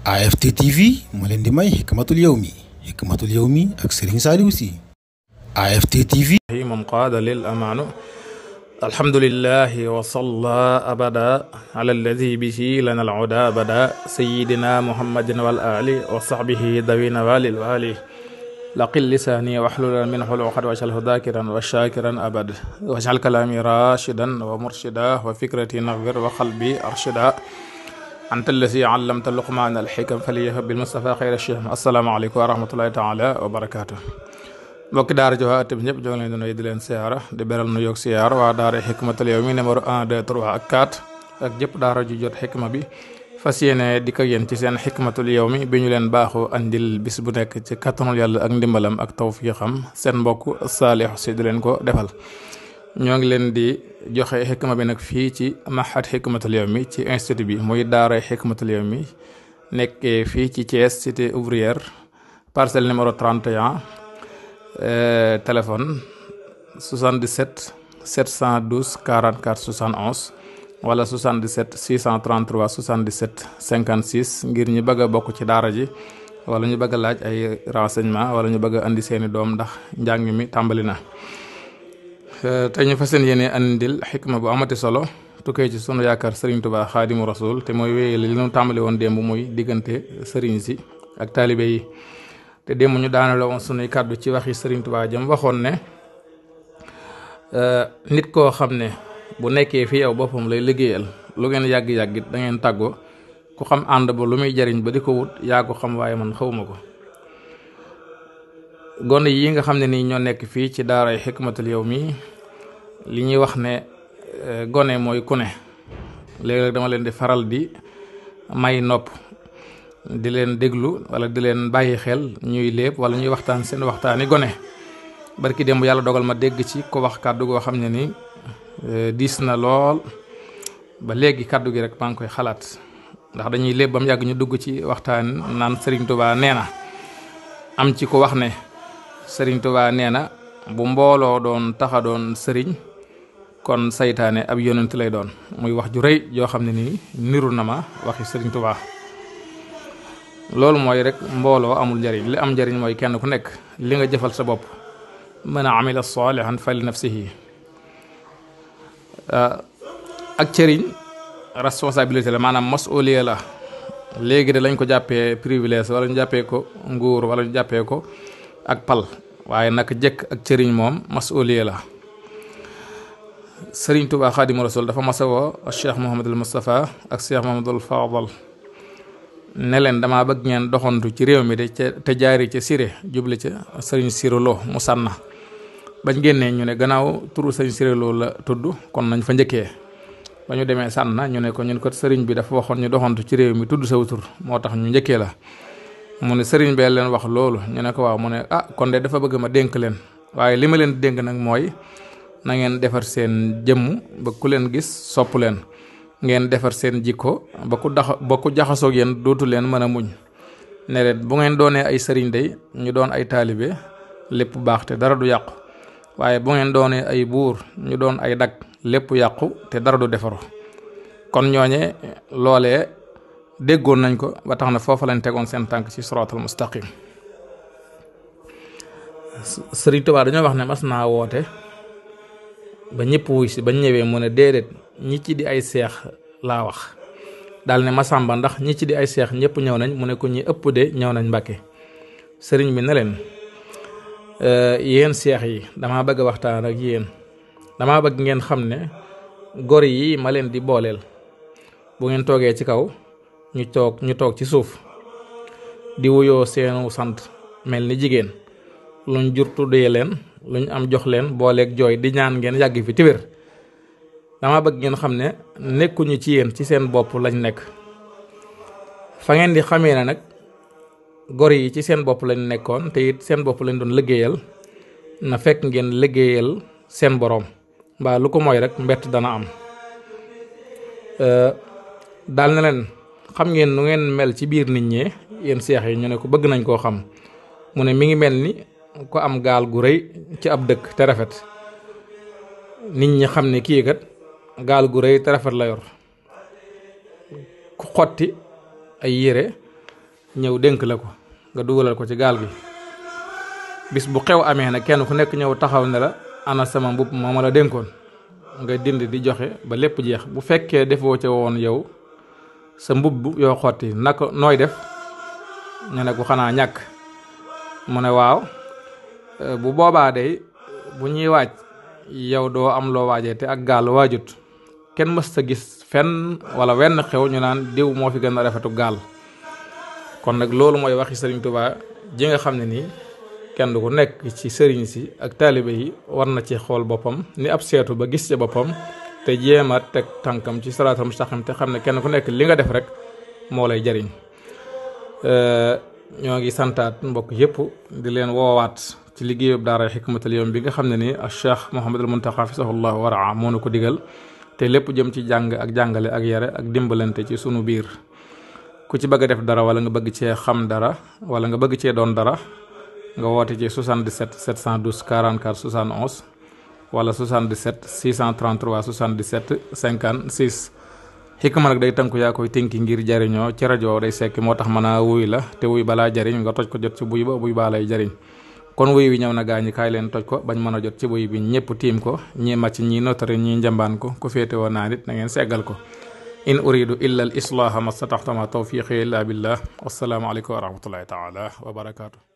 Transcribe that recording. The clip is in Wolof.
AFT TV moo leen di may xikmatul yawmi xikmatul yawmi ak Serigne Saliou Sy AFT TV moom qaada lil amaanu alhamdulillahi wa salla abada ala alladi bihi lana al uda abada sayidina muhammadin wal ali wa sahbihi dawina walil wali laqil lisaani waxlulan min xuluqat waj'alhu dakiran wa shakiran abad waj'al kalaami rashidan wa murshida wa fikrati nawwir wa qalbi arshida anta allasi allamta luqmaan alxikam faliyafa bil mustafa xayra shiham asalaamaaleykum wa rahmatullahi taala wa barakaatu mbokki daara joxa at bi ñëpp jogi leen di leen siyaara di beral nu yoog siyaar waa daara xikmatul yawmi numéro 1 2 3 ak 4 ak jëpp daara ju jot xikma bi fas yéene di ko yéen ci seen xikmatul yawmi bi ñu leen baaxoo andil bis bu nekk ci kattanul yalla ak ndimbalam ak tawfiixam seen mbokk saalixu si di leen ko defal ñoo ngi leen di joxe xikma bi nag fii ci maxat xikmatul yawmi ci institut bi muy daara xikmatul mi nekkee fii ci Thiès cité ouvrière parcelle numéro 31 euh, téléphone 77 712 44 71 wala 77 633 77 56 ngir ñu bëgg bokk ci daara ji wala ñu bëgg a laaj ay renseignement wala ñu bëgg a indi seeni doom ndax njàng mi tàmbali na Eh, tey ñu fas yéene andil xikma bu amati solo tukkee ci sunu yaakaar Serigne Touba xaadimu rasul te mooy wéyale li ñu tàmbali woon démb mooy diggante Serigne si ak taalibe yi te démb ñu daanale woon sunuy kàddu ci waxi Serigne Touba jëm waxoon ne eh, nit koo xam ne bu nekkee fi yow boppam lay liggéeyal lu ngeen yàgg-yàggit da ngeen tàggoo ku xam ànd ba lu muy jariñ ba di ko wut yaa ko xam waaye man xawuma ko gone yi nga xam ne nii ñoo nekk fii ci daaray xikmatul yawmi li ñuy wax ne eh, gone mooy ku ne dama leen di faral di may nopp di leen déglu wala di leen bàyyi xel ñuy léeb wala ñuy waxtaan seen waxtaani gone barki démb yàlla dogal ma dégg ci ko wax kàddu goo xam ne ni eh, diis na lool ba léegi kàddu gi rek maa ngi koy xalaat ndax dañuy léeb ba mu yàgg ñu dugg ci waxtaan naan Serigne Touba nee na am ci ko wax ne sëriñ Tuubaa nee na bu mbooloo doon taxa doon sëriñ kon seytaane ab yonent lay doon muy wax ju rëy joo xam ne nii niru na ma waxi sëriñ tubaa loolu mooy rek mbooloo amul njariñ li am njariñ mooy kenn ku nekk li nga jëfal sa bopp mën a amila saalihan fa li nafsihi ah, ak cëriñ responsabilité la maanaam masuliya la léegi de lañ ko jàppee privilège wala ñu jàppee ko nguur wala ñu jàppee ko ak pal waaye naka jekk ak sëriñ moom masuuliya la sëriñ Tuubaa Xaadimu Rasuul dafa masa woo Cheikh Mouhamadul Moustapha ak Cheikh Mouhamadul Fadal ne leen dama bëgg ngeen doxantu ci réew mi de ca te jaari ca Siré jubli ca sëriñ Siré Lo mu sànna bañ génnee ñu ne gannaaw turu sëriñ Siré Lo la tudd kon nañ fa njëkkee ba ñu demee sànna ñu ne ko ñun ko sëriñ bi dafa waxoon ñu doxantu ci réew mi tudd saw tur moo tax ñu njëkkee la mu ne sëriñ bee leen wax loolu ñu ne ko waaw mu ne ah kon de dafa bëgg ma dénk leen waaye li ma leen dénk nag mooy nangeen defar seen jëmm ba ku leen gis sopp leen ngeen defar seen jikko ba ku dax ba ku jaxasoog yéen dootu leen mën a muñ ne leen bu ngeen doonee ay sëriñ day ñu doon ay taalibe lépp baax te dara du yàqu waaye bu ngeen doonee ay buur ñu doon ay dag lépp yàqu te dara du defaru kon ñooñe loolee déggoon nañ ko ba tax na foofu lañ tegoon seen tànk ci siraatal mustaqim Sëriñ Tuubaa dañoo wax ne mas naa woote ba ñëpp wuy si ba ñëwee mu ne déedéet ñi ci di ay seex laa wax dal ne Masamba ndax ñi ci di ay seex ñëpp ñëw nañ mu ne ko ñi ëpp de ñëw nañ Mbàkke sëriñ bi ne leen yéen seex yi damaa bëgg waxtaan ak yéen damaa bëgg ngeen xam ne gor yi ma leen di booleel bu ngeen toogee ci kaw ñu toog ñu toog ci suuf di wuyoo seenu sant mel ni jigéen luñ jur tuddee leen lu ñu am jox leen booleek jooy di ñaan ngeen yàgg fi tiwér dama bëgg ngeen xam ne nekkuñu ci yéen ci seen bopp lañ nekk fa ngeen di xamee ne nag gor yi ci seen bopp lañu nekkoon te it seen bopp lañ doon liggéeyal na fekk ngeen liggéeyal seen boroom mbaa lu ko mooy rek mbett dana am daal na leen xam ngeen nu ngeen mel ci biir nit ñee yéen seex yi ñu ne ko bëgg nañ koo xam mu ne mi ngi mel ni ku am gaal gu rëy ci ab dëkk te rafet nit ñi xam ne kii kat gaal gu rëy te rafet la yor ku xotti ay yére ñëw dénk la ko nga dugalal ko ci gaal bi bis bu xew amee na kenn ku nekk ñëw taxaw ne la ana sama mbubb moo ma la dénkoon nga dind di joxe ba lépp jeex bu fekkee defoo ca woon yow sa mbubb yoo xotti naka nooy def ñu ne ko xanaa ñàkk mu ne waaw euh, bu boobaa day bu ñuy waaj yow doo am loo waajee te ak gaal waajut kenn mës ta gis fenn wala wenn xew ñu naan diw moo fi gën a rafetu gaal kon nag loolu mooy waxi sëriñ Tuubaa ji nga xam ne nii kenn du ko nekk ci sëriñ si ak taalibe yi war na ci xool boppam ni ab seetu ba gis ci boppam te jéem teg tànkam ci salaatul mustaqim te xam ne kenn ku nekk li nga def rek moo lay jariñ euh, ñoo ngi santaat mbokk yëpp di leen woowaat ci liggéeyub daara xikmatul yawmi bi nga xam ne ni a cheikh Mouhamadul Muntaxa fisahullah waraa moo nu ko digal te lépp jëm ci jàng ak jàngale ak yare ak dimbalante ci sunu biir ku ci bëgg a def dara wala nga bëgg cee xam dara wala nga bëgg cee doon dara nga woote ci 77 712 44 71 wala 77 633 77 56. xikma nag day tënku yaa koy tënki ngir jariñoo ci rajo day sekki moo tax mën a wuy la te wuy balaa jariñ nga toj ko jot ci buy ba buy baa jariñ kon wuy wi ñëw na gaañi kaay leen toj ko bañ mën a jot ci buy bi ñëpp tiim ko ñii màcc ñi notari ñii njambaan ko ku féete woon naa nit na ngeen seggal ko in uridu illa al islaaha ma stataxtama tawfiqi illa billah wassalaamu aleykum wa rahmatullahi taala wa barakaatu